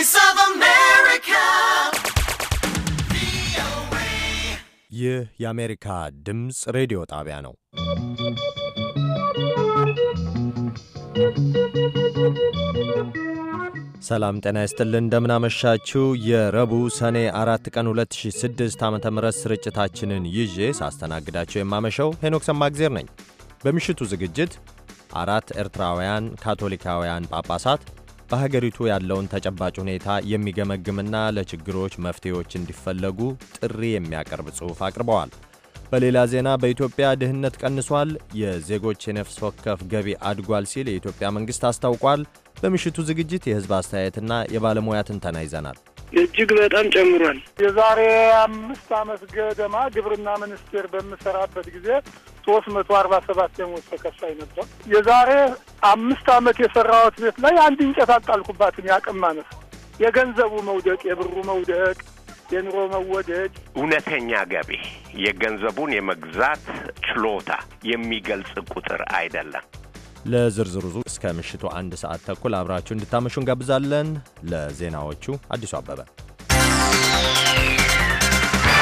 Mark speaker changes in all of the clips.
Speaker 1: Voice of America.
Speaker 2: ይህ የአሜሪካ ድምፅ ሬዲዮ ጣቢያ ነው። ሰላም ጤና ይስጥልን። እንደምናመሻችው የረቡዕ ሰኔ አራት ቀን 2006 ዓ ም ስርጭታችንን ይዤ ሳስተናግዳቸው የማመሸው ሄኖክ ሰማግዜር ነኝ። በምሽቱ ዝግጅት አራት ኤርትራውያን ካቶሊካውያን ጳጳሳት በሀገሪቱ ያለውን ተጨባጭ ሁኔታ የሚገመግምና ለችግሮች መፍትሄዎች እንዲፈለጉ ጥሪ የሚያቀርብ ጽሑፍ አቅርበዋል። በሌላ ዜና በኢትዮጵያ ድህነት ቀንሷል፣ የዜጎች የነፍስ ወከፍ ገቢ አድጓል ሲል የኢትዮጵያ መንግሥት አስታውቋል። በምሽቱ ዝግጅት የሕዝብ አስተያየትና የባለሙያ ትንተና ይዘናል።
Speaker 3: እጅግ በጣም ጨምሯል። የዛሬ አምስት ዓመት ገደማ ግብርና ሚኒስቴር በምሰራበት ጊዜ ሶስት መቶ አርባ ሰባት ደሞዝ ተከሳይ ነበር። የዛሬ አምስት ዓመት የሰራሁት ቤት ላይ አንድ እንጨት አጣልኩባትን ያቅም ማነስ፣ የገንዘቡ መውደቅ፣ የብሩ መውደቅ፣ የኑሮ መወደድ
Speaker 4: እውነተኛ ገቢ የገንዘቡን የመግዛት ችሎታ የሚገልጽ ቁጥር
Speaker 2: አይደለም። ለዝርዝሩ ዙ እስከ ምሽቱ አንድ ሰዓት ተኩል አብራችሁ እንድታመሹ እንጋብዛለን። ለዜናዎቹ አዲሱ አበበ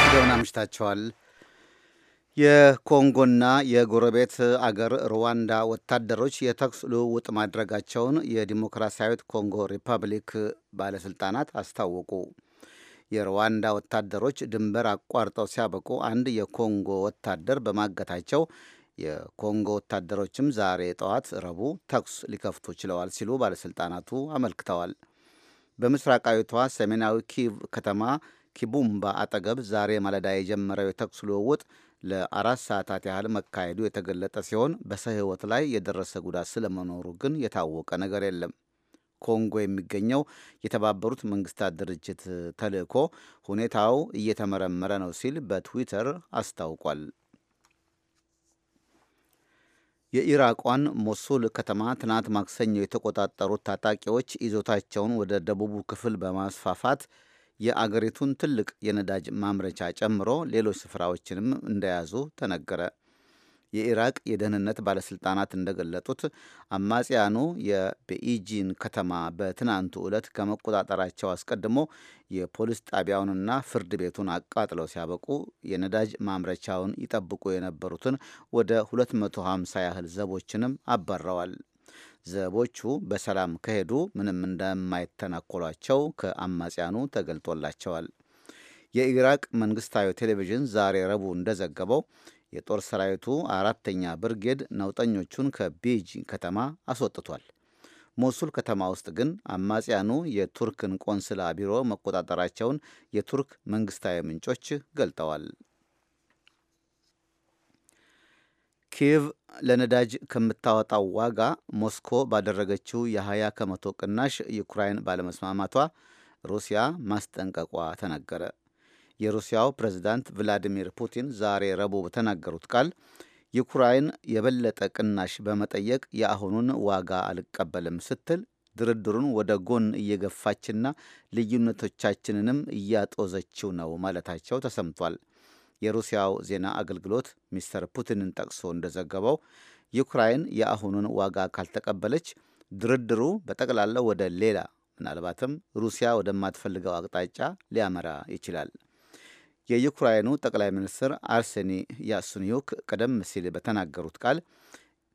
Speaker 5: እንደምን አምሽታችኋል። የኮንጎና የጎረቤት አገር ሩዋንዳ ወታደሮች የተኩስ ልውውጥ ማድረጋቸውን የዲሞክራሲያዊት ኮንጎ ሪፐብሊክ ባለሥልጣናት አስታወቁ። የሩዋንዳ ወታደሮች ድንበር አቋርጠው ሲያበቁ አንድ የኮንጎ ወታደር በማገታቸው የኮንጎ ወታደሮችም ዛሬ ጠዋት ረቡዕ ተኩስ ሊከፍቱ ችለዋል ሲሉ ባለሥልጣናቱ አመልክተዋል። በምስራቃዊቷ ሰሜናዊ ኪቭ ከተማ ኪቡምባ አጠገብ ዛሬ ማለዳ የጀመረው የተኩስ ልውውጥ ለአራት ሰዓታት ያህል መካሄዱ የተገለጠ ሲሆን በሰው ሕይወት ላይ የደረሰ ጉዳት ስለመኖሩ ግን የታወቀ ነገር የለም። ኮንጎ የሚገኘው የተባበሩት መንግስታት ድርጅት ተልዕኮ ሁኔታው እየተመረመረ ነው ሲል በትዊተር አስታውቋል። የኢራቋን ሞሱል ከተማ ትናንት ማክሰኞ የተቆጣጠሩት ታጣቂዎች ይዞታቸውን ወደ ደቡቡ ክፍል በማስፋፋት የአገሪቱን ትልቅ የነዳጅ ማምረቻ ጨምሮ ሌሎች ስፍራዎችንም እንደያዙ ተነገረ። የኢራቅ የደህንነት ባለስልጣናት እንደገለጡት አማጽያኑ የቤኢጂን ከተማ በትናንቱ ዕለት ከመቆጣጠራቸው አስቀድሞ የፖሊስ ጣቢያውንና ፍርድ ቤቱን አቃጥለው ሲያበቁ የነዳጅ ማምረቻውን ይጠብቁ የነበሩትን ወደ 250 ያህል ዘቦችንም አባረዋል። ዘቦቹ በሰላም ከሄዱ ምንም እንደማይተናኮሏቸው ከአማጽያኑ ተገልጦላቸዋል። የኢራቅ መንግስታዊ ቴሌቪዥን ዛሬ ረቡዕ እንደዘገበው የጦር ሰራዊቱ አራተኛ ብርጌድ ነውጠኞቹን ከቤጂ ከተማ አስወጥቷል። ሞሱል ከተማ ውስጥ ግን አማጽያኑ የቱርክን ቆንስላ ቢሮ መቆጣጠራቸውን የቱርክ መንግስታዊ ምንጮች ገልጠዋል። ኪየቭ ለነዳጅ ከምታወጣው ዋጋ ሞስኮ ባደረገችው የ20 ከመቶ ቅናሽ ዩክራይን ባለመስማማቷ ሩሲያ ማስጠንቀቋ ተነገረ። የሩሲያው ፕሬዝዳንት ቭላዲሚር ፑቲን ዛሬ ረቡዕ በተናገሩት ቃል ዩክራይን የበለጠ ቅናሽ በመጠየቅ የአሁኑን ዋጋ አልቀበልም ስትል ድርድሩን ወደ ጎን እየገፋችና ልዩነቶቻችንንም እያጦዘችው ነው ማለታቸው ተሰምቷል። የሩሲያው ዜና አገልግሎት ሚስተር ፑቲንን ጠቅሶ እንደዘገበው ዩክራይን የአሁኑን ዋጋ ካልተቀበለች ድርድሩ በጠቅላላው ወደ ሌላ ምናልባትም ሩሲያ ወደማትፈልገው አቅጣጫ ሊያመራ ይችላል። የዩክራይኑ ጠቅላይ ሚኒስትር አርሴኒ ያሱኒዮክ ቀደም ሲል በተናገሩት ቃል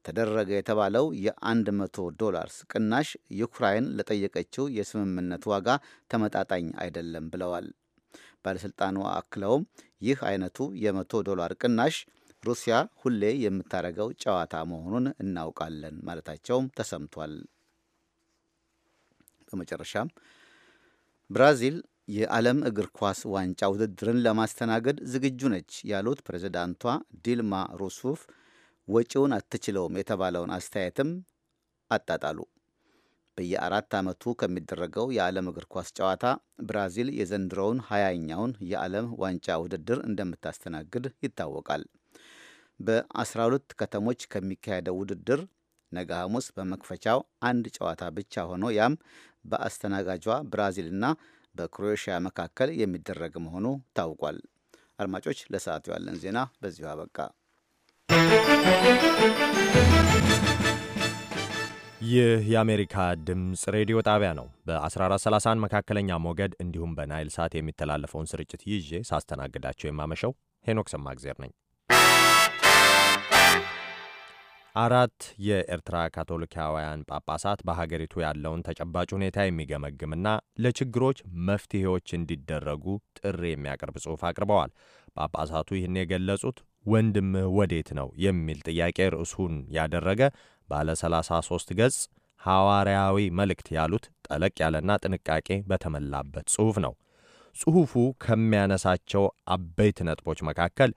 Speaker 5: ተደረገ የተባለው የ100 ዶላርስ ቅናሽ ዩክራይን ለጠየቀችው የስምምነት ዋጋ ተመጣጣኝ አይደለም ብለዋል። ባለሥልጣኑ አክለውም ይህ አይነቱ የ100 ዶላር ቅናሽ ሩሲያ ሁሌ የምታደርገው ጨዋታ መሆኑን እናውቃለን ማለታቸውም ተሰምቷል። በመጨረሻም ብራዚል የዓለም እግር ኳስ ዋንጫ ውድድርን ለማስተናገድ ዝግጁ ነች ያሉት ፕሬዚዳንቷ ዲልማ ሩሱፍ ወጪውን አትችለውም የተባለውን አስተያየትም አጣጣሉ። በየአራት ዓመቱ ከሚደረገው የዓለም እግር ኳስ ጨዋታ ብራዚል የዘንድሮውን ሀያኛውን የዓለም ዋንጫ ውድድር እንደምታስተናግድ ይታወቃል። በ12 ከተሞች ከሚካሄደው ውድድር ነገ ሐሙስ በመክፈቻው አንድ ጨዋታ ብቻ ሆኖ ያም በአስተናጋጇ ብራዚልና በክሮኤሽያ መካከል የሚደረግ መሆኑ ታውቋል። አድማጮች፣ ለሰዓቱ ያለን ዜና በዚሁ
Speaker 2: አበቃ። ይህ የአሜሪካ ድምፅ ሬዲዮ ጣቢያ ነው። በ1431 መካከለኛ ሞገድ እንዲሁም በናይል ሳት የሚተላለፈውን ስርጭት ይዤ ሳስተናግዳቸው የማመሸው ሄኖክ ሰማግዜር ነኝ። አራት የኤርትራ ካቶሊካውያን ጳጳሳት በሀገሪቱ ያለውን ተጨባጭ ሁኔታ የሚገመግምና ለችግሮች መፍትሄዎች እንዲደረጉ ጥሪ የሚያቀርብ ጽሑፍ አቅርበዋል። ጳጳሳቱ ይህን የገለጹት ወንድምህ ወዴት ነው የሚል ጥያቄ ርዕሱን ያደረገ ባለ 33 ገጽ ሐዋርያዊ መልእክት ያሉት ጠለቅ ያለና ጥንቃቄ በተሞላበት ጽሑፍ ነው። ጽሑፉ ከሚያነሳቸው አበይት ነጥቦች መካከል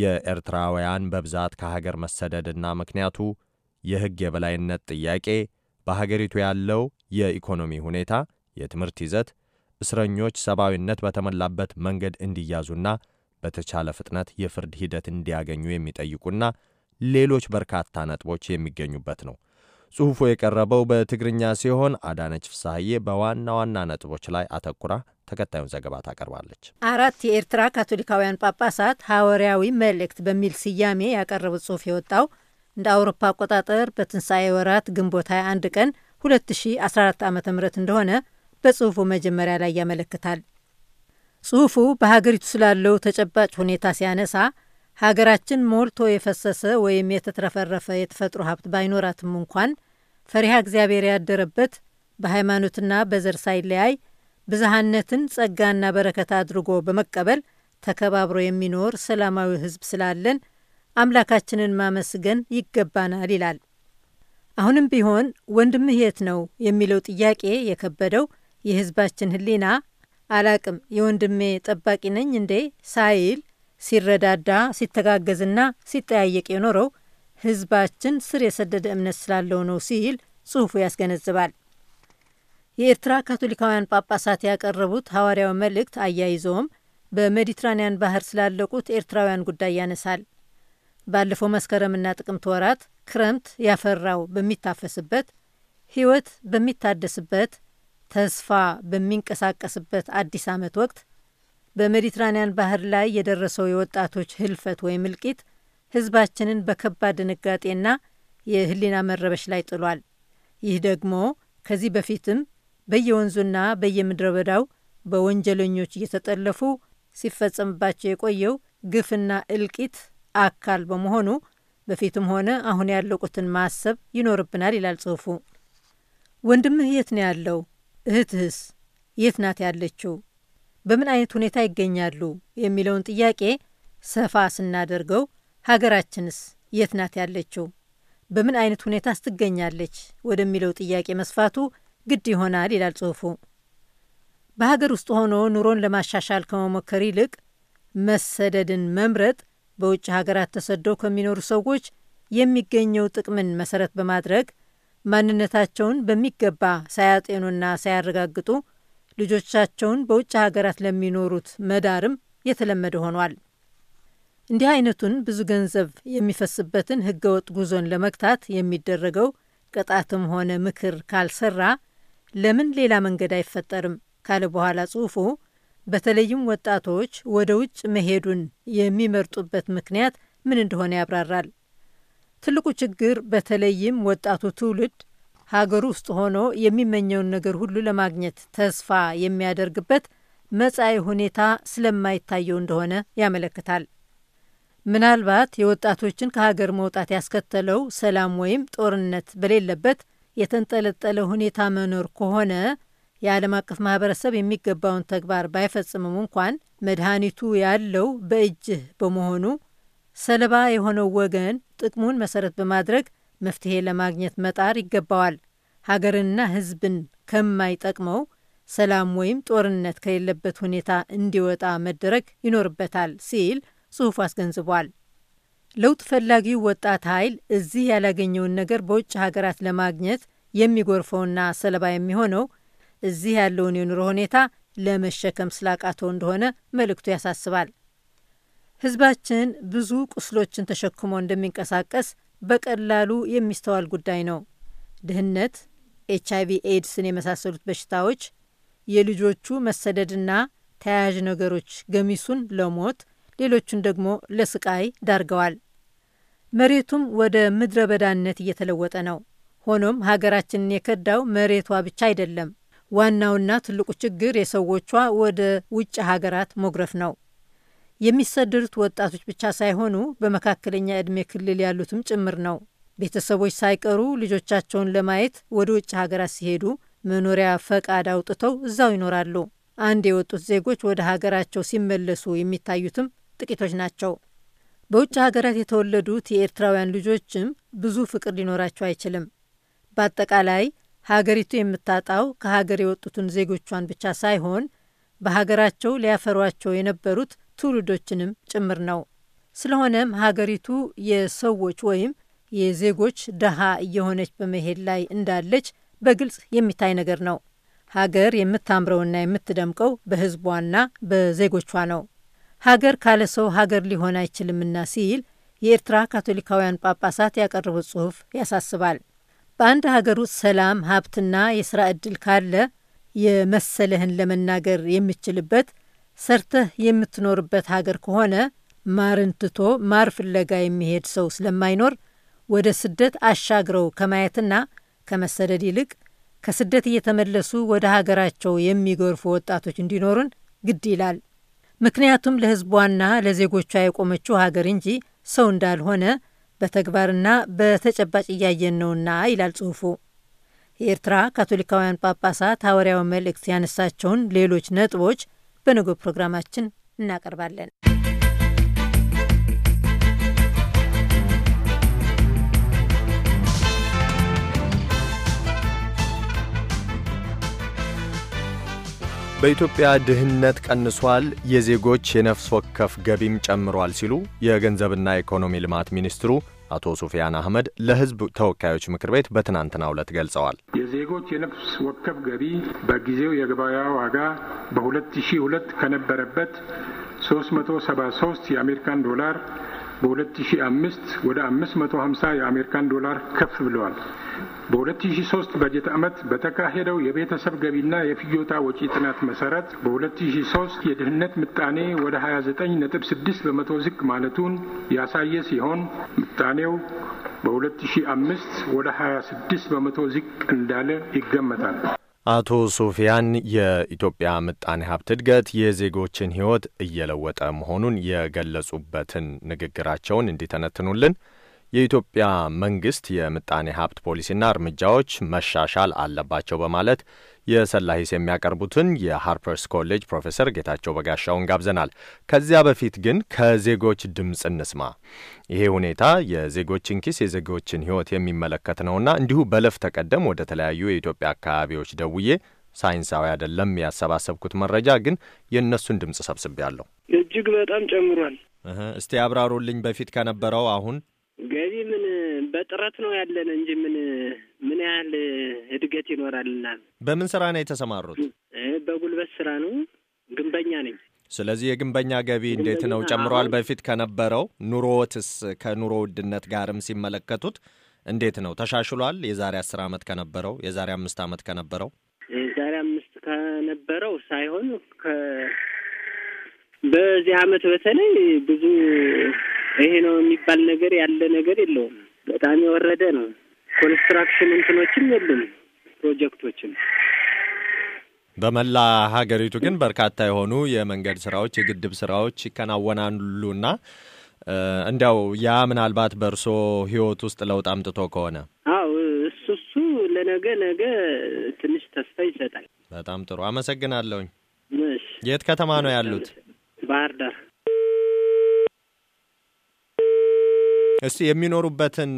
Speaker 2: የኤርትራውያን በብዛት ከሀገር መሰደድና ምክንያቱ የሕግ የበላይነት ጥያቄ፣ በሀገሪቱ ያለው የኢኮኖሚ ሁኔታ፣ የትምህርት ይዘት፣ እስረኞች ሰብአዊነት በተሞላበት መንገድ እንዲያዙና በተቻለ ፍጥነት የፍርድ ሂደት እንዲያገኙ የሚጠይቁና ሌሎች በርካታ ነጥቦች የሚገኙበት ነው። ጽሑፉ የቀረበው በትግርኛ ሲሆን አዳነች ፍሳሐዬ በዋና ዋና ነጥቦች ላይ አተኩራ ተከታዩን ዘገባ ታቀርባለች።
Speaker 6: አራት የኤርትራ ካቶሊካውያን ጳጳሳት ሐዋርያዊ መልእክት በሚል ስያሜ ያቀረቡት ጽሑፍ የወጣው እንደ አውሮፓ አቆጣጠር በትንሣኤ ወራት ግንቦት 21 ቀን 2014 ዓ ም እንደሆነ በጽሑፉ መጀመሪያ ላይ ያመለክታል። ጽሑፉ በሀገሪቱ ስላለው ተጨባጭ ሁኔታ ሲያነሳ ሀገራችን ሞልቶ የፈሰሰ ወይም የተትረፈረፈ የተፈጥሮ ሀብት ባይኖራትም እንኳን ፈሪሃ እግዚአብሔር ያደረበት በሃይማኖትና በዘር ሳይለያይ ብዝሃነትን ጸጋና በረከት አድርጎ በመቀበል ተከባብሮ የሚኖር ሰላማዊ ህዝብ ስላለን አምላካችንን ማመስገን ይገባናል ይላል። አሁንም ቢሆን ወንድምህ የት ነው የሚለው ጥያቄ የከበደው የህዝባችን ህሊና አላቅም የወንድሜ ጠባቂ ነኝ እንዴ ሳይል ሲረዳዳ ሲተጋገዝና ሲጠያየቅ የኖረው ህዝባችን ስር የሰደደ እምነት ስላለው ነው ሲል ጽሑፉ ያስገነዝባል። የኤርትራ ካቶሊካውያን ጳጳሳት ያቀረቡት ሐዋርያዊ መልእክት አያይዘውም በሜዲትራንያን ባህር ስላለቁት ኤርትራውያን ጉዳይ ያነሳል። ባለፈው መስከረምና ጥቅምት ወራት ክረምት ያፈራው በሚታፈስበት፣ ሕይወት በሚታደስበት፣ ተስፋ በሚንቀሳቀስበት አዲስ ዓመት ወቅት በሜዲትራንያን ባህር ላይ የደረሰው የወጣቶች ህልፈት ወይም እልቂት ህዝባችንን በከባድ ድንጋጤና የህሊና መረበሽ ላይ ጥሏል። ይህ ደግሞ ከዚህ በፊትም በየወንዙና በየምድረ በዳው በወንጀለኞች እየተጠለፉ ሲፈጸምባቸው የቆየው ግፍና እልቂት አካል በመሆኑ በፊትም ሆነ አሁን ያለቁትን ማሰብ ይኖርብናል ይላል ጽሑፉ። ወንድምህ የት ነው ያለው? እህትህስ የት ናት ያለችው? በምን አይነት ሁኔታ ይገኛሉ? የሚለውን ጥያቄ ሰፋ ስናደርገው ሀገራችንስ የት ናት ያለችው? በምን አይነት ሁኔታስ ትገኛለች? ወደሚለው ጥያቄ መስፋቱ ግድ ይሆናል ይላል ጽሑፉ። በሀገር ውስጥ ሆኖ ኑሮን ለማሻሻል ከመሞከር ይልቅ መሰደድን መምረጥ በውጭ ሀገራት ተሰደው ከሚኖሩ ሰዎች የሚገኘው ጥቅምን መሰረት በማድረግ ማንነታቸውን በሚገባ ሳያጤኑና ሳያረጋግጡ ልጆቻቸውን በውጭ ሀገራት ለሚኖሩት መዳርም የተለመደ ሆኗል። እንዲህ አይነቱን ብዙ ገንዘብ የሚፈስበትን ህገወጥ ጉዞን ለመግታት የሚደረገው ቅጣትም ሆነ ምክር ካልሰራ ለምን ሌላ መንገድ አይፈጠርም ካለ በኋላ ጽሑፉ በተለይም ወጣቶች ወደ ውጭ መሄዱን የሚመርጡበት ምክንያት ምን እንደሆነ ያብራራል። ትልቁ ችግር በተለይም ወጣቱ ትውልድ ሀገር ውስጥ ሆኖ የሚመኘውን ነገር ሁሉ ለማግኘት ተስፋ የሚያደርግበት መጻኢ ሁኔታ ስለማይታየው እንደሆነ ያመለክታል። ምናልባት የወጣቶችን ከሀገር መውጣት ያስከተለው ሰላም ወይም ጦርነት በሌለበት የተንጠለጠለ ሁኔታ መኖር ከሆነ የዓለም አቀፍ ማህበረሰብ የሚገባውን ተግባር ባይፈጽምም እንኳን መድኃኒቱ ያለው በእጅህ በመሆኑ ሰለባ የሆነው ወገን ጥቅሙን መሰረት በማድረግ መፍትሄ ለማግኘት መጣር ይገባዋል። ሀገርንና ሕዝብን ከማይጠቅመው ሰላም ወይም ጦርነት ከሌለበት ሁኔታ እንዲወጣ መደረግ ይኖርበታል ሲል ጽሑፉ አስገንዝቧል። ለውጥ ፈላጊው ወጣት ኃይል እዚህ ያላገኘውን ነገር በውጭ ሀገራት ለማግኘት የሚጎርፈውና ሰለባ የሚሆነው እዚህ ያለውን የኑሮ ሁኔታ ለመሸከም ስላቃተው እንደሆነ መልእክቱ ያሳስባል። ህዝባችን ብዙ ቁስሎችን ተሸክሞ እንደሚንቀሳቀስ በቀላሉ የሚስተዋል ጉዳይ ነው። ድህነት፣ ኤች አይቪ ኤድስን የመሳሰሉት በሽታዎች፣ የልጆቹ መሰደድና ተያያዥ ነገሮች ገሚሱን ለሞት ሌሎቹን ደግሞ ለስቃይ ዳርገዋል። መሬቱም ወደ ምድረ በዳነት እየተለወጠ ነው። ሆኖም ሀገራችንን የከዳው መሬቷ ብቻ አይደለም። ዋናውና ትልቁ ችግር የሰዎቿ ወደ ውጭ ሀገራት ሞግረፍ ነው። የሚሰደዱት ወጣቶች ብቻ ሳይሆኑ በመካከለኛ ዕድሜ ክልል ያሉትም ጭምር ነው። ቤተሰቦች ሳይቀሩ ልጆቻቸውን ለማየት ወደ ውጭ ሀገራት ሲሄዱ መኖሪያ ፈቃድ አውጥተው እዛው ይኖራሉ። አንድ የወጡት ዜጎች ወደ ሀገራቸው ሲመለሱ የሚታዩትም ጥቂቶች ናቸው። በውጭ ሀገራት የተወለዱት የኤርትራውያን ልጆችም ብዙ ፍቅር ሊኖራቸው አይችልም። በአጠቃላይ ሀገሪቱ የምታጣው ከሀገር የወጡትን ዜጎቿን ብቻ ሳይሆን በሀገራቸው ሊያፈሯቸው የነበሩት ትውልዶችንም ጭምር ነው። ስለሆነም ሀገሪቱ የሰዎች ወይም የዜጎች ደሃ እየሆነች በመሄድ ላይ እንዳለች በግልጽ የሚታይ ነገር ነው። ሀገር የምታምረውና የምትደምቀው በህዝቧና በዜጎቿ ነው። ሀገር ካለ ሰው ሀገር ሊሆን አይችልምና ሲል የኤርትራ ካቶሊካውያን ጳጳሳት ያቀረቡት ጽሑፍ ያሳስባል። በአንድ ሀገር ውስጥ ሰላም፣ ሀብትና የሥራ ዕድል ካለ የመሰለህን ለመናገር የምችልበት ሰርተህ የምትኖርበት ሀገር ከሆነ ማርን ትቶ ማር ፍለጋ የሚሄድ ሰው ስለማይኖር ወደ ስደት አሻግረው ከማየትና ከመሰደድ ይልቅ ከስደት እየተመለሱ ወደ ሀገራቸው የሚጎርፉ ወጣቶች እንዲኖሩን ግድ ይላል። ምክንያቱም ለሕዝቧና ለዜጎቿ የቆመችው ሀገር እንጂ ሰው እንዳልሆነ በተግባርና በተጨባጭ እያየን ነውና ይላል ጽሑፉ። የኤርትራ ካቶሊካውያን ጳጳሳት ሐዋርያዊ መልእክት ያነሳቸውን ሌሎች ነጥቦች በነገው ፕሮግራማችን እናቀርባለን።
Speaker 2: በኢትዮጵያ ድህነት ቀንሷል፣ የዜጎች የነፍስ ወከፍ ገቢም ጨምሯል ሲሉ የገንዘብና ኢኮኖሚ ልማት ሚኒስትሩ አቶ ሱፊያን አህመድ ለሕዝብ ተወካዮች ምክር ቤት በትናንትናው ዕለት ገልጸዋል።
Speaker 3: የዜጎች የነፍስ ወከፍ ገቢ በጊዜው የገበያ ዋጋ በ2002 ከነበረበት 373 የአሜሪካን ዶላር በ2005 ወደ 550 የአሜሪካን ዶላር ከፍ ብለዋል። በ2003 በጀት ዓመት በተካሄደው የቤተሰብ ገቢና የፍጆታ ወጪ ጥናት መሰረት በ2003 የድህነት ምጣኔ ወደ 29.6 በመቶ ዝቅ ማለቱን ያሳየ ሲሆን ምጣኔው በ2005 ወደ 26 በመቶ ዝቅ እንዳለ ይገመታል።
Speaker 2: አቶ ሶፊያን የኢትዮጵያ ምጣኔ ሀብት እድገት የዜጎችን ሕይወት እየለወጠ መሆኑን የገለጹበትን ንግግራቸውን እንዲተነትኑልን የኢትዮጵያ መንግስት የምጣኔ ሀብት ፖሊሲና እርምጃዎች መሻሻል አለባቸው በማለት የሰላሂስ የሚያቀርቡትን የሃርፐርስ ኮሌጅ ፕሮፌሰር ጌታቸው በጋሻውን ጋብዘናል። ከዚያ በፊት ግን ከዜጎች ድምፅ እንስማ። ይሄ ሁኔታ የዜጎችን ኪስ፣ የዜጎችን ህይወት የሚመለከት ነውና እንዲሁ በለፍ ተቀደም ወደ ተለያዩ የኢትዮጵያ አካባቢዎች ደውዬ ሳይንሳዊ አይደለም ያሰባሰብኩት መረጃ ግን የእነሱን ድምፅ ሰብስቤ ያለሁ
Speaker 3: እጅግ በጣም ጨምሯል።
Speaker 2: እስቲ አብራሩልኝ። በፊት ከነበረው አሁን
Speaker 7: በጥረት ነው ያለን እንጂ ምን ምን ያህል እድገት ይኖራልናል።
Speaker 2: በምን ስራ ነው የተሰማሩት?
Speaker 7: በጉልበት ስራ ነው። ግንበኛ ነኝ።
Speaker 2: ስለዚህ የግንበኛ ገቢ እንዴት ነው ጨምሯል? በፊት ከነበረው ኑሮዎትስ ከኑሮ ውድነት ጋርም ሲመለከቱት እንዴት ነው ተሻሽሏል? የዛሬ አስር ዓመት ከነበረው የዛሬ አምስት ዓመት ከነበረው
Speaker 3: የዛሬ አምስት
Speaker 7: ከነበረው ሳይሆን በዚህ አመት በተለይ ብዙ ይሄ ነው የሚባል ነገር ያለ ነገር የለውም። በጣም የወረደ ነው።
Speaker 3: ኮንስትራክሽን እንትኖችም የሉም ፕሮጀክቶችም።
Speaker 2: በመላ ሀገሪቱ ግን በርካታ የሆኑ የመንገድ ስራዎች፣ የግድብ ስራዎች ይከናወናሉና እንዲያው ያ ምናልባት በእርሶ ህይወት ውስጥ ለውጥ አምጥቶ ከሆነ
Speaker 7: አው እሱ እሱ ለነገ ነገ ትንሽ ተስፋ ይሰጣል።
Speaker 2: በጣም ጥሩ አመሰግናለሁኝ። የት ከተማ ነው ያሉት? ባህር ዳር። እስቲ የሚኖሩበትን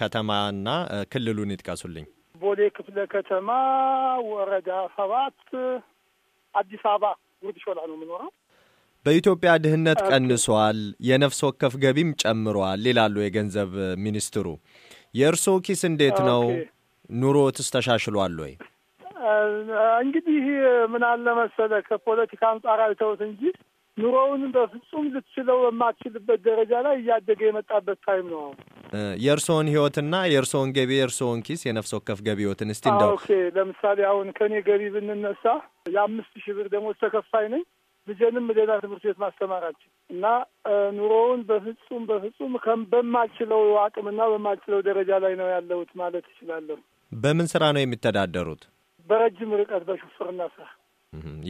Speaker 2: ከተማና ክልሉን ይጥቀሱልኝ።
Speaker 3: ቦሌ ክፍለ ከተማ ወረዳ ሰባት አዲስ አበባ ጉርድ ሾላ ነው የምኖረው።
Speaker 2: በኢትዮጵያ ድህነት ቀንሷል፣ የነፍስ ወከፍ ገቢም ጨምሯል ይላሉ የገንዘብ ሚኒስትሩ። የእርስዎ ኪስ እንዴት ነው? ኑሮትስ ተሻሽሏል ወይ?
Speaker 3: እንግዲህ ምን አለ መሰለህ ከፖለቲካ አንጻር አይተውት እንጂ ኑሮውን በፍጹም ልትችለው በማትችልበት ደረጃ ላይ እያደገ የመጣበት ታይም ነው።
Speaker 2: የእርስዎን ህይወትና የእርስዎን ገቢ የእርስዎን ኪስ የነፍስ ወከፍ ገቢዎትን እስቲ እንደው ኦኬ፣
Speaker 3: ለምሳሌ አሁን ከእኔ ገቢ ብንነሳ የአምስት ሺህ ብር ደሞዝ ተከፋይ ነኝ። ልጄንም ሌላ ትምህርት ቤት ማስተማራችን እና ኑሮውን በፍጹም በፍጹም በማችለው አቅምና በማችለው ደረጃ ላይ ነው ያለሁት ማለት እችላለሁ።
Speaker 2: በምን ስራ ነው የሚተዳደሩት?
Speaker 3: በረጅም ርቀት በሹፍርና ስራ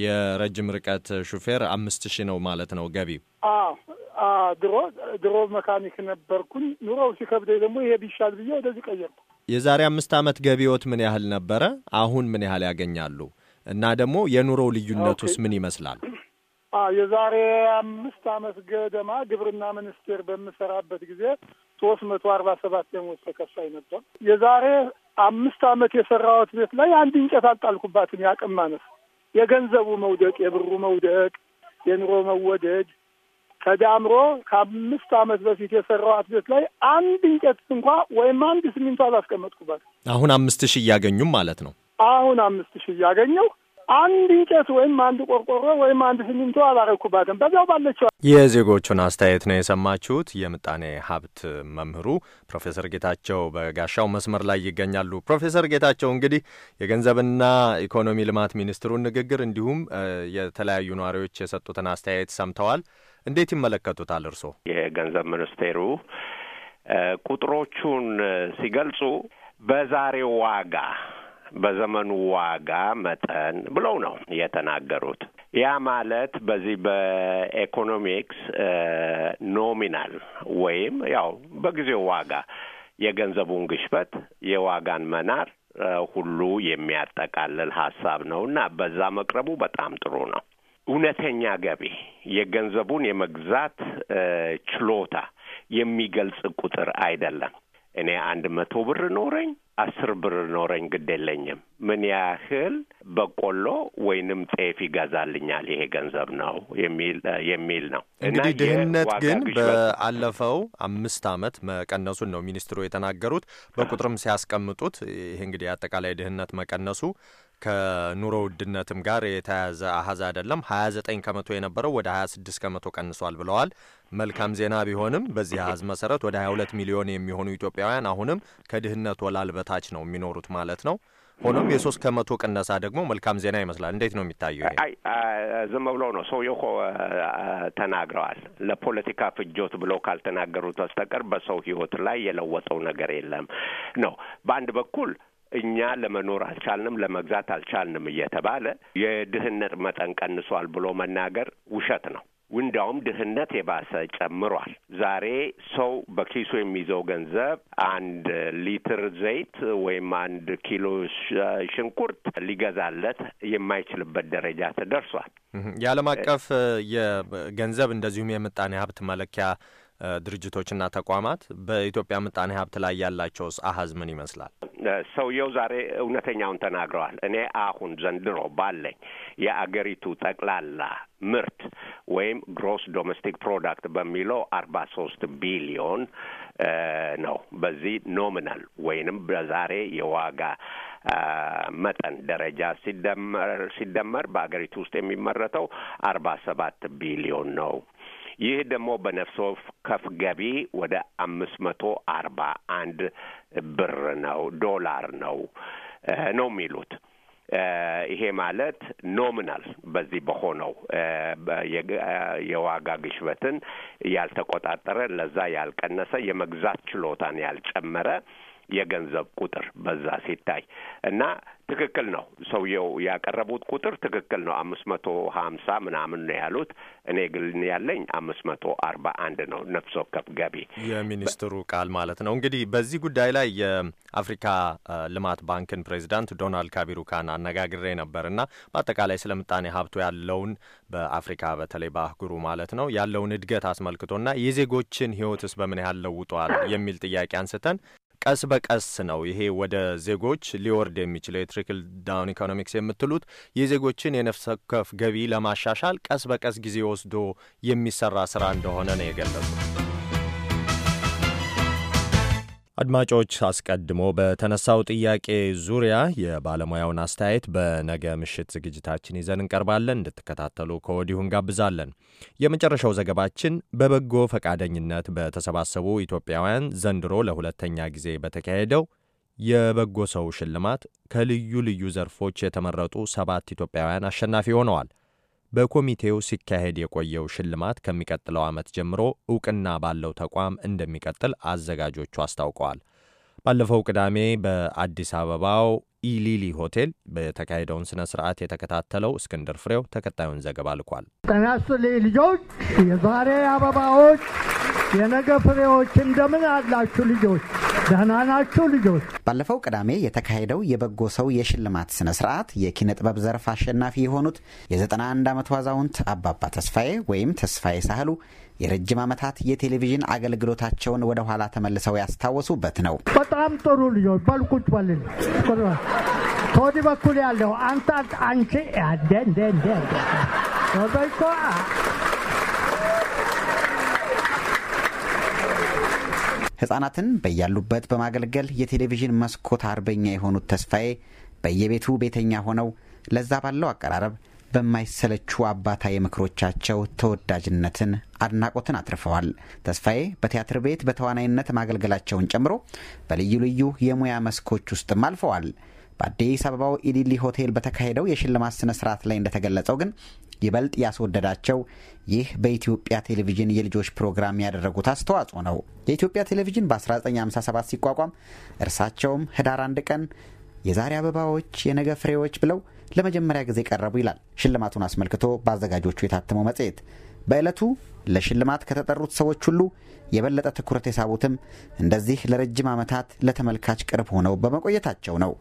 Speaker 2: የረጅም ርቀት ሹፌር አምስት ሺህ ነው ማለት ነው ገቢው?
Speaker 3: ድሮ ድሮ መካኒክ ነበርኩኝ። ኑሮው ሲከብደኝ ደግሞ ይሄ ቢሻል ብዬ ወደዚህ ቀየርኩ።
Speaker 2: የዛሬ አምስት ዓመት ገቢዎት ምን ያህል ነበረ? አሁን ምን ያህል ያገኛሉ? እና ደግሞ የኑሮው ልዩነቱስ ምን ይመስላል?
Speaker 3: የዛሬ አምስት ዓመት ገደማ ግብርና ሚኒስቴር በምሰራበት ጊዜ ሶስት መቶ አርባ ሰባት የሞት ተከሳይ ነበር። የዛሬ አምስት ዓመት የሰራሁት ቤት ላይ አንድ እንጨት አልጣልኩባትም። ያቅም ማነስ የገንዘቡ መውደቅ፣ የብሩ መውደቅ፣ የኑሮ መወደድ ተዳምሮ ከአምስት ዓመት በፊት የሰራኋት ቤት ላይ አንድ እንጨት እንኳ ወይም አንድ ስሚንቶ አላስቀመጥኩበት።
Speaker 2: አሁን አምስት ሺህ እያገኙም ማለት ነው።
Speaker 3: አሁን አምስት ሺህ እያገኘሁ አንድ እንጨት ወይም አንድ ቆርቆሮ ወይም አንድ ስሚንቶ አላረኩባትም። በዛው ባለችዋል።
Speaker 2: የዜጎቹን አስተያየት ነው የሰማችሁት። የምጣኔ ሀብት መምህሩ ፕሮፌሰር ጌታቸው በጋሻው መስመር ላይ ይገኛሉ። ፕሮፌሰር ጌታቸው እንግዲህ የገንዘብና ኢኮኖሚ ልማት ሚኒስትሩን ንግግር እንዲሁም የተለያዩ ነዋሪዎች የሰጡትን አስተያየት ሰምተዋል። እንዴት ይመለከቱታል እርስዎ? የገንዘብ ሚኒስቴሩ ቁጥሮቹን
Speaker 4: ሲገልጹ በዛሬው ዋጋ በዘመኑ ዋጋ መጠን ብለው ነው የተናገሩት። ያ ማለት በዚህ በኢኮኖሚክስ ኖሚናል ወይም ያው በጊዜው ዋጋ የገንዘቡን ግሽበት የዋጋን መናር ሁሉ የሚያጠቃልል ሀሳብ ነው እና በዛ መቅረቡ በጣም ጥሩ ነው። እውነተኛ ገቢ የገንዘቡን የመግዛት ችሎታ የሚገልጽ ቁጥር አይደለም። እኔ አንድ መቶ ብር ኖረኝ አስር ብር ኖረኝ ግድ የለኝም። ምን ያህል በቆሎ ወይንም
Speaker 2: ጤፍ ይገዛልኛል
Speaker 4: ይሄ ገንዘብ ነው የሚል የሚል ነው። እንግዲህ ድህነት ግን
Speaker 2: በአለፈው አምስት አመት መቀነሱን ነው ሚኒስትሩ የተናገሩት። በቁጥርም ሲያስቀምጡት ይሄ እንግዲህ አጠቃላይ ድህነት መቀነሱ ከኑሮ ውድነትም ጋር የተያያዘ አሀዝ አይደለም። 29 ከመቶ የነበረው ወደ 26 ከመቶ ቀንሷል ብለዋል። መልካም ዜና ቢሆንም በዚህ አሀዝ መሰረት ወደ 22 ሚሊዮን የሚሆኑ ኢትዮጵያውያን አሁንም ከድህነት ወላል በታች ነው የሚኖሩት ማለት ነው። ሆኖም የሶስት ከመቶ ቅነሳ ደግሞ መልካም ዜና ይመስላል። እንዴት ነው የሚታየው?
Speaker 4: አይ ዝም ብሎ ነው ሰውየው እኮ ተናግረዋል። ለፖለቲካ ፍጆት ብሎ ካልተናገሩት በስተቀር በሰው ህይወት ላይ የለወጠው ነገር የለም ነው በአንድ በኩል እኛ ለመኖር አልቻልንም፣ ለመግዛት አልቻልንም እየተባለ የድህነት መጠን ቀንሷል ብሎ መናገር ውሸት ነው። እንዲያውም ድህነት የባሰ ጨምሯል። ዛሬ ሰው በኪሱ የሚይዘው ገንዘብ አንድ ሊትር ዘይት ወይም አንድ ኪሎ ሽንኩርት ሊገዛለት የማይችልበት ደረጃ ተደርሷል።
Speaker 2: የዓለም አቀፍ የገንዘብ እንደዚሁም የምጣኔ ሀብት መለኪያ ድርጅቶችና ተቋማት በኢትዮጵያ ምጣኔ ሀብት ላይ ያላቸውስ አሀዝ ምን ይመስላል?
Speaker 4: ሰውየው ዛሬ እውነተኛውን ተናግረዋል። እኔ አሁን ዘንድሮ ባለኝ የአገሪቱ ጠቅላላ ምርት ወይም ግሮስ ዶሜስቲክ ፕሮዳክት በሚለው አርባ ሶስት ቢሊዮን ነው። በዚህ ኖሚናል ወይንም በዛሬ የዋጋ መጠን ደረጃ ሲደመር ሲደመር በአገሪቱ ውስጥ የሚመረተው አርባ ሰባት ቢሊዮን ነው። ይህ ደግሞ በነፍስ ወከፍ ገቢ ወደ አምስት መቶ አርባ አንድ ብር ነው ዶላር ነው ነው የሚሉት ይሄ ማለት ኖሚናል በዚህ በሆነው የዋጋ ግሽበትን ያልተቆጣጠረ ለዛ ያልቀነሰ የመግዛት ችሎታን ያልጨመረ የገንዘብ ቁጥር በዛ ሲታይ እና ትክክል ነው። ሰውየው ያቀረቡት ቁጥር ትክክል ነው። አምስት መቶ ሀምሳ ምናምን ነው ያሉት። እኔ ግን ያለኝ አምስት መቶ አርባ
Speaker 2: አንድ ነው ነፍስ ወከፍ ገቢ የሚኒስትሩ ቃል ማለት ነው። እንግዲህ በዚህ ጉዳይ ላይ የአፍሪካ ልማት ባንክን ፕሬዚዳንት ዶናልድ ካቢሩካን አነጋግሬ ነበር እና በአጠቃላይ ስለ ምጣኔ ሀብቱ ያለውን በአፍሪካ በተለይ በአህጉሩ ማለት ነው ያለውን እድገት አስመልክቶና የዜጎችን ህይወትስ በምን ያህል ለውጧል የሚል ጥያቄ አንስተን ቀስ በቀስ ነው ይሄ ወደ ዜጎች ሊወርድ የሚችለው የትሪክል ዳውን ኢኮኖሚክስ የምትሉት የዜጎችን የነፍስ ወከፍ ገቢ ለማሻሻል ቀስ በቀስ ጊዜ ወስዶ የሚሰራ ስራ እንደሆነ ነው የገለጹት። አድማጮች አስቀድሞ በተነሳው ጥያቄ ዙሪያ የባለሙያውን አስተያየት በነገ ምሽት ዝግጅታችን ይዘን እንቀርባለን። እንድትከታተሉ ከወዲሁ እንጋብዛለን። የመጨረሻው ዘገባችን በበጎ ፈቃደኝነት በተሰባሰቡ ኢትዮጵያውያን ዘንድሮ ለሁለተኛ ጊዜ በተካሄደው የበጎ ሰው ሽልማት ከልዩ ልዩ ዘርፎች የተመረጡ ሰባት ኢትዮጵያውያን አሸናፊ ሆነዋል። በኮሚቴው ሲካሄድ የቆየው ሽልማት ከሚቀጥለው ዓመት ጀምሮ እውቅና ባለው ተቋም እንደሚቀጥል አዘጋጆቹ አስታውቀዋል። ባለፈው ቅዳሜ በአዲስ አበባው ኢሊሊ ሆቴል በተካሄደውን ስነ ስርዓት የተከታተለው እስክንድር ፍሬው ተከታዩን ዘገባ ልኳል።
Speaker 3: ጤና ይስጥልኝ ልጆች፣ የዛሬ አበባዎች የነገ ፍሬዎች እንደምን አላችሁ ልጆች? ደህና ናችሁ ልጆች?
Speaker 8: ባለፈው ቅዳሜ የተካሄደው የበጎ ሰው የሽልማት ስነ ስርዓት የኪነ ጥበብ ዘርፍ አሸናፊ የሆኑት የ91 ዓመቱ አዛውንት አባባ ተስፋዬ ወይም ተስፋዬ ሳህሉ የረጅም ዓመታት የቴሌቪዥን አገልግሎታቸውን ወደ ኋላ ተመልሰው ያስታወሱበት ነው።
Speaker 4: በጣም ጥሩ
Speaker 3: ልጆች በልቁጭ በልል ከወዲህ በኩል ያለው አንተ አንቺ
Speaker 8: ህጻናትን በያሉበት በማገልገል የቴሌቪዥን መስኮት አርበኛ የሆኑት ተስፋዬ በየቤቱ ቤተኛ ሆነው ለዛ ባለው አቀራረብ በማይሰለቹ አባታዊ ምክሮቻቸው ተወዳጅነትን፣ አድናቆትን አትርፈዋል። ተስፋዬ በቲያትር ቤት በተዋናይነት ማገልገላቸውን ጨምሮ በልዩ ልዩ የሙያ መስኮች ውስጥም አልፈዋል። በአዲስ አበባው ኢሊሊ ሆቴል በተካሄደው የሽልማት ስነ ስርዓት ላይ እንደተገለጸው ግን ይበልጥ ያስወደዳቸው ይህ በኢትዮጵያ ቴሌቪዥን የልጆች ፕሮግራም ያደረጉት አስተዋጽኦ ነው። የኢትዮጵያ ቴሌቪዥን በ1957 ሲቋቋም እርሳቸውም ህዳር አንድ ቀን የዛሬ አበባዎች የነገ ፍሬዎች ብለው ለመጀመሪያ ጊዜ ቀረቡ ይላል ሽልማቱን አስመልክቶ በአዘጋጆቹ የታተመው መጽሔት። በዕለቱ ለሽልማት ከተጠሩት ሰዎች ሁሉ የበለጠ ትኩረት የሳቡትም እንደዚህ ለረጅም ዓመታት ለተመልካች ቅርብ ሆነው በመቆየታቸው ነው።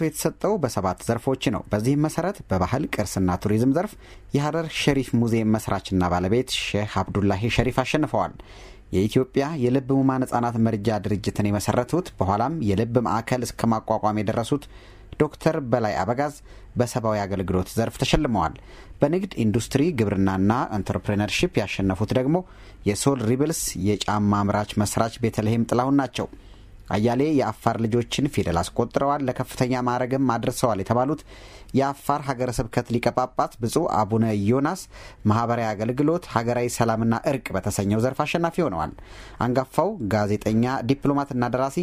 Speaker 8: ጥናቱ የተሰጠው በሰባት ዘርፎች ነው። በዚህም መሰረት በባህል ቅርስና ቱሪዝም ዘርፍ የሀረር ሸሪፍ ሙዚየም መስራችና ባለቤት ሼህ አብዱላሂ ሸሪፍ አሸንፈዋል። የኢትዮጵያ የልብ ሕሙማን ሕጻናት መርጃ ድርጅትን የመሰረቱት በኋላም የልብ ማዕከል እስከ ማቋቋም የደረሱት ዶክተር በላይ አበጋዝ በሰብአዊ አገልግሎት ዘርፍ ተሸልመዋል። በንግድ ኢንዱስትሪ፣ ግብርናና ኢንተርፕሬነርሺፕ ያሸነፉት ደግሞ የሶል ሪብልስ የጫማ አምራች መስራች ቤተልሔም ጥላሁን ናቸው። አያሌ የአፋር ልጆችን ፊደል አስቆጥረዋል፣ ለከፍተኛ ማዕረግም አድርሰዋል የተባሉት የአፋር ሀገረ ስብከት ሊቀ ጳጳስ ብፁዕ አቡነ ዮናስ ማህበራዊ አገልግሎት፣ ሀገራዊ ሰላምና እርቅ በተሰኘው ዘርፍ አሸናፊ ሆነዋል። አንጋፋው ጋዜጠኛ ዲፕሎማትና ደራሲ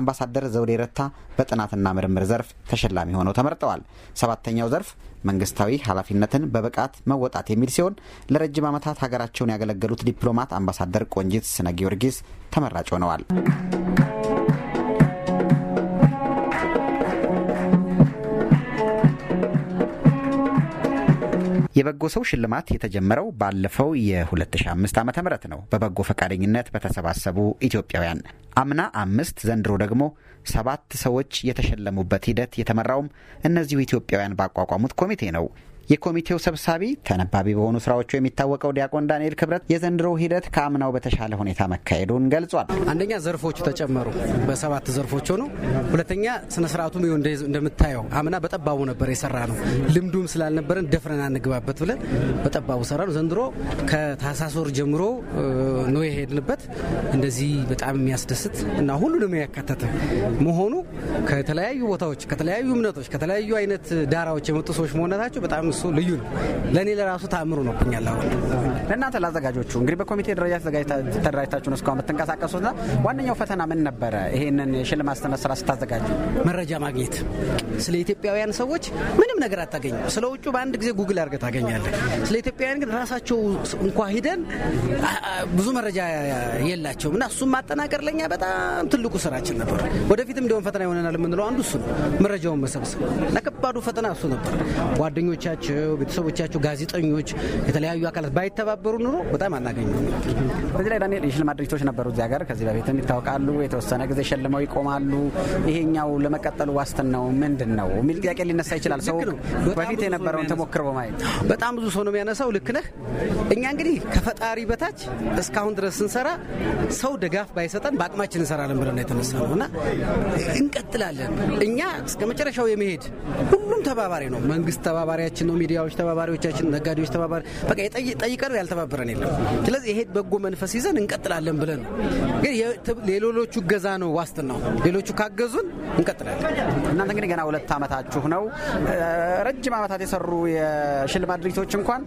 Speaker 8: አምባሳደር ዘውዴ ረታ በጥናትና ምርምር ዘርፍ ተሸላሚ ሆነው ተመርጠዋል። ሰባተኛው ዘርፍ መንግስታዊ ኃላፊነትን በብቃት መወጣት የሚል ሲሆን ለረጅም ዓመታት ሀገራቸውን ያገለገሉት ዲፕሎማት አምባሳደር ቆንጂት ስነ ጊዮርጊስ ተመራጭ ሆነዋል። የበጎ ሰው ሽልማት የተጀመረው ባለፈው የ2005 ዓ ም ነው በበጎ ፈቃደኝነት በተሰባሰቡ ኢትዮጵያውያን። አምና አምስት ዘንድሮ ደግሞ ሰባት ሰዎች የተሸለሙበት ሂደት የተመራውም እነዚሁ ኢትዮጵያውያን ባቋቋሙት ኮሚቴ ነው። የኮሚቴው ሰብሳቢ ተነባቢ በሆኑ ስራዎቹ የሚታወቀው ዲያቆን ዳንኤል ክብረት የዘንድሮ ሂደት ከአምናው በተሻለ ሁኔታ መካሄዱን ገልጿል።
Speaker 7: አንደኛ ዘርፎቹ ተጨመሩ፣ በሰባት ዘርፎች ሆኑ። ሁለተኛ ስነስርዓቱም ይኸው እንደምታየው አምና በጠባቡ ነበር የሰራ ነው። ልምዱም ስላልነበረን ደፍረን አንግባበት ብለን በጠባቡ ሰራ ነው። ዘንድሮ ከታህሳስ ወር ጀምሮ ነው የሄድንበት። እንደዚህ በጣም የሚያስደስት እና ሁሉንም ያካተተ መሆኑ ከተለያዩ ቦታዎች፣ ከተለያዩ እምነቶች፣ ከተለያዩ አይነት ዳራዎች የመጡ ሰዎች መሆነታቸው በጣም እሱ ልዩ ነው። ለእኔ ለራሱ ተአምሩ ነው ብኛል። አሁን ለእናንተ ለአዘጋጆቹ እንግዲህ በኮሚቴ ደረጃ ተደራጅታችሁ ነው እስካሁን ዋነኛው ፈተና ምን ነበረ? ይሄንን የሽልማት ስነ ስታዘጋጁ መረጃ ማግኘት ስለ ኢትዮጵያውያን ሰዎች ምንም ነገር አታገኝም። ስለ ውጩ በአንድ ጊዜ ጉግል አድርገ ታገኛለህ። ስለ ኢትዮጵያውያን ግን ራሳቸው እንኳ ሂደን ብዙ መረጃ የላቸውም እና እሱም ማጠናቀር ለኛ በጣም ትልቁ ስራችን ነበር። ወደፊትም እንዲሆን ፈተና የሆነ አድነናል የምንለው አንዱ እሱ ነው። መረጃውን መሰብሰብ ለከባዱ ከባዱ ፈተና እሱ ነበር። ጓደኞቻቸው፣ ቤተሰቦቻቸው፣ ጋዜጠኞች፣ የተለያዩ አካላት ባይተባበሩ ኑሮ በጣም አናገኘው። በዚህ ላይ ዳንኤል የሽልማት ድርጅቶች ነበሩ እዚህ ሀገር ከዚህ በፊትም ይታወቃሉ። የተወሰነ ጊዜ ሸልመው ይቆማሉ። ይሄኛው ለመቀጠሉ ዋስትናው ምንድን ነው የሚል ጥያቄ ሊነሳ ይችላል። ሰው በፊት የነበረውን ተሞክሮ በማየት በጣም ብዙ ሰው ነው የሚያነሳው። ልክ ነህ። እኛ እንግዲህ ከፈጣሪ በታች እስካሁን ድረስ ስንሰራ ሰው ድጋፍ ባይሰጠን በአቅማችን እንሰራለን ብለን የተነሳ ነው እና እንቀጥላለን። እኛ እስከ መጨረሻው የመሄድ ሁሉም ተባባሪ ነው። መንግስት ተባባሪያችን ነው። ሚዲያዎች ተባባሪዎቻችን፣ ነጋዴዎች ተባባሪ በቃ ጠይቀን ያልተባበረን የለም። ስለዚህ ይሄ በጎ መንፈስ ይዘን እንቀጥላለን ብለን ግን የሌሎቹ ገዛ ነው ዋስትናው። ሌሎቹ ካገዙን እንቀጥላለን። እናንተ እንግዲህ ገና ሁለት ዓመታችሁ ነው። ረጅም ዓመታት የሰሩ የሽልማት ድርጅቶች እንኳን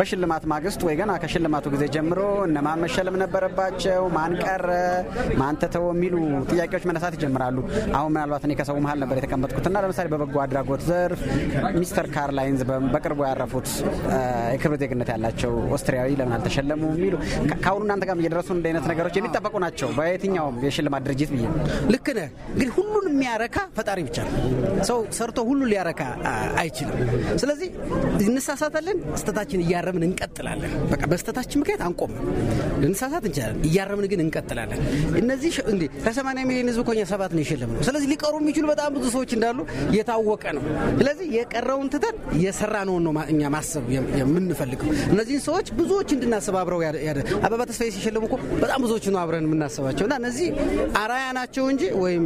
Speaker 7: በሽልማት ማግስት ወይ ገና ከሽልማቱ ጊዜ ጀምሮ እነማን መሸለም ነበረባቸው፣ ማን ቀረ፣ ማን ተተወ የሚሉ ጥያቄዎች መነሳት ይጀምራሉ አሁን ምናልባት እኔ ከሰው መሀል ነበር የተቀመጥኩትና ለምሳሌ በበጎ አድራጎት ዘርፍ
Speaker 8: ሚስተር ካርላይንዝ በቅርቡ ያረፉት የክብር ዜግነት ያላቸው ኦስትሪያዊ ለምን አልተሸለሙ የሚሉ ከአሁኑ እናንተ ጋር እየደረሱ እንደ አይነት ነገሮች የሚጠበቁ ናቸው በየትኛውም የሽልማት ድርጅት ብዬ
Speaker 7: ልክ ነህ። ግን ሁሉን የሚያረካ ፈጣሪ ብቻ ነው። ሰው ሰርቶ ሁሉን ሊያረካ አይችልም። ስለዚህ እንሳሳታለን፣ ስህተታችን እያረምን እንቀጥላለን። በቃ በስህተታችን ምክንያት አንቆም ልንሳሳት እንችላለን፣ እያረምን ግን እንቀጥላለን። እነዚህ እንግዲህ ከሰማንያ ሚሊዮን ህዝብ ኮኛ ሰባት ነው የሸለም ነው። ስለዚህ ሊቀሩ የሚችሉ በጣም ብዙ ሰዎች እንዳሉ የታወቀ ነው። ስለዚህ የቀረውን ትተን የሰራ ነውን ነው እኛ ማሰብ የምንፈልገው። እነዚህን ሰዎች ብዙዎች እንድናስብ አብረው ያደ አበባ ተስፋዬ ሲሸለሙ እኮ በጣም ብዙዎች ነው አብረን የምናስባቸው እና እነዚህ አራያ ናቸው እንጂ ወይም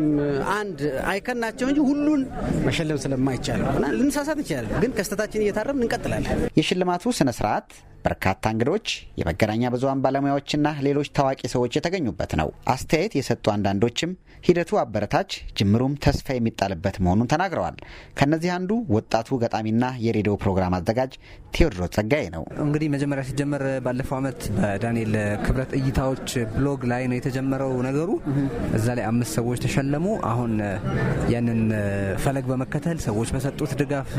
Speaker 7: አንድ አይከን ናቸው እንጂ ሁሉን
Speaker 8: መሸለም ስለማይቻለው
Speaker 7: እና ልንሳሳት እንችላለን። ግን ከስተታችን እየታረም እንቀጥላለን።
Speaker 8: የሽልማቱ ስነስርዓት በርካታ እንግዶች፣ የመገናኛ ብዙሀን ባለሙያዎችና ሌሎች ታዋቂ ሰዎች የተገኙበት ነው። አስተያየት የሰጡ አንዳንዶችም ሂደቱ አበረታች፣ ጅምሩም ተስፋ የሚጣልበት መሆኑን ተናግረዋል። ከእነዚህ አንዱ ወጣቱ ገጣሚና የሬዲዮ ፕሮግራም አዘጋጅ ቴዎድሮስ ጸጋዬ ነው።
Speaker 9: እንግዲህ መጀመሪያ ሲጀመር ባለፈው ዓመት በዳንኤል ክብረት እይታዎች ብሎግ ላይ ነው የተጀመረው ነገሩ። እዛ ላይ አምስት ሰዎች ተሸለሙ። አሁን ያንን ፈለግ በመከተል ሰዎች በሰጡት ድጋፍ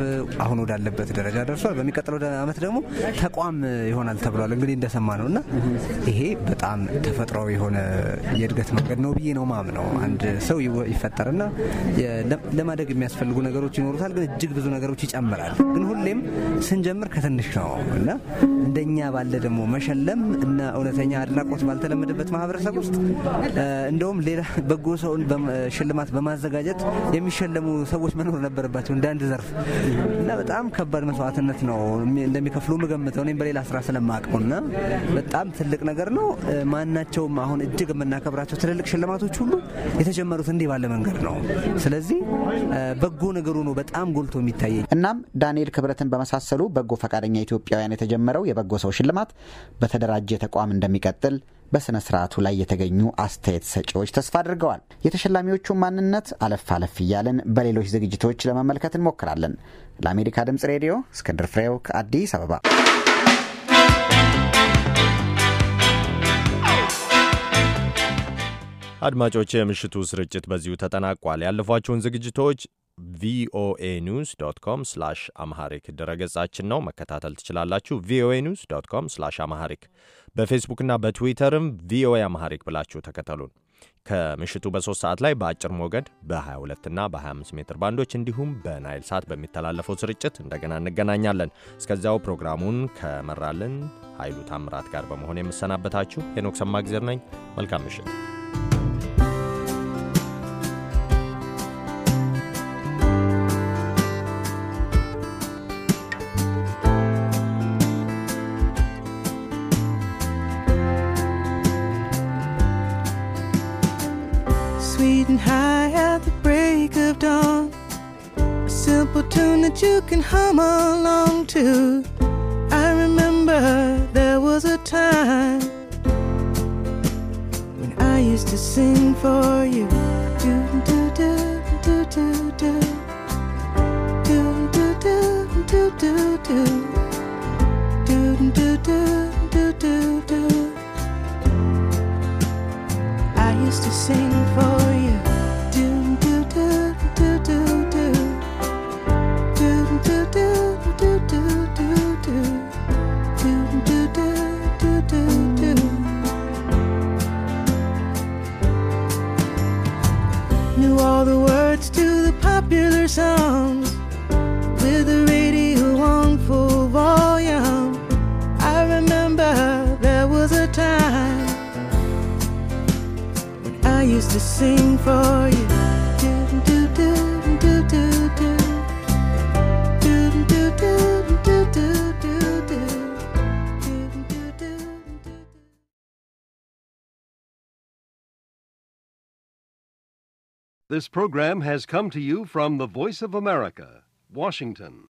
Speaker 9: አሁን ወዳለበት ደረጃ ደርሷል። በሚቀጥለው ዓመት ደግሞ ተቋም ይሆናል ተብሏል። እንግዲህ እንደሰማ ነው እና ይሄ በጣም ተፈጥሯዊ የሆነ የእድገት መንገድ ነው ብዬ ነው ማምነው። አንድ ሰው ይፈጠርና ለማደግ የሚያስፈልጉ ነገሮች ይኖሩታል፣ ግን እጅግ ብዙ ነገሮች ይጨምራል። ግን ሁሌም ስንጀምር ከትንሽ ነው እና እንደኛ ባለ ደግሞ መሸለም እና እውነተኛ አድናቆት ባልተለመደበት ማህበረሰብ ውስጥ እንደውም ሌላ በጎ ሰውን ሽልማት በማዘጋጀት የሚሸለሙ ሰዎች መኖር ነበረባቸው እንደ አንድ ዘርፍ እና በጣም ከባድ መስዋዕትነት ነው እንደሚከፍሉ ምገምተው እኔም በሌላ ወንጌል አስራ ስለማቀው በጣም ትልቅ ነገር ነው። ማናቸውም አሁን እጅግ የምናከብራቸው ትልልቅ ሽልማቶች ሁሉ የተጀመሩት እንዲህ ባለ መንገድ ነው። ስለዚህ በጎ ነገሩ ነው በጣም ጎልቶ የሚታየኝ። እናም
Speaker 8: ዳንኤል ክብረትን በመሳሰሉ በጎ ፈቃደኛ ኢትዮጵያውያን የተጀመረው የበጎ ሰው ሽልማት በተደራጀ ተቋም እንደሚቀጥል በሥነ ሥርዓቱ ላይ የተገኙ አስተያየት ሰጪዎች ተስፋ አድርገዋል። የተሸላሚዎቹን ማንነት አለፍ አለፍ እያለን በሌሎች ዝግጅቶች ለመመልከት እንሞክራለን። ለአሜሪካ ድምፅ ሬዲዮ እስክንድር ፍሬው ከአዲስ አበባ
Speaker 2: አድማጮች፣ የምሽቱ ስርጭት በዚሁ ተጠናቋል። ያለፏቸውን ዝግጅቶች ቪኦኤ ኒውስ ዶት ኮም ስላሽ አምሃሪክ ድረገጻችን ነው መከታተል ትችላላችሁ። ቪኦኤ ኒውስ ዶት ኮም ስላሽ አምሃሪክ በፌስቡክና በትዊተርም ቪኦኤ አምሃሪክ ብላችሁ ተከተሉን። ከምሽቱ በሶስት ሰዓት ላይ በአጭር ሞገድ በ22 እና በ25 ሜትር ባንዶች እንዲሁም በናይል ሳት በሚተላለፈው ስርጭት እንደገና እንገናኛለን። እስከዚያው ፕሮግራሙን ከመራልን ኃይሉ ታምራት ጋር በመሆን የምሰናበታችሁ ሄኖክ ሰማግዜር ነኝ። መልካም ምሽት።
Speaker 1: sweet and high at the break of dawn. A simple tune that you can hum along to. I remember there was a time when I used to sing for you. Do do do do do do do do do do do. do. used to sing for you. This program has come to you from the Voice of America, Washington.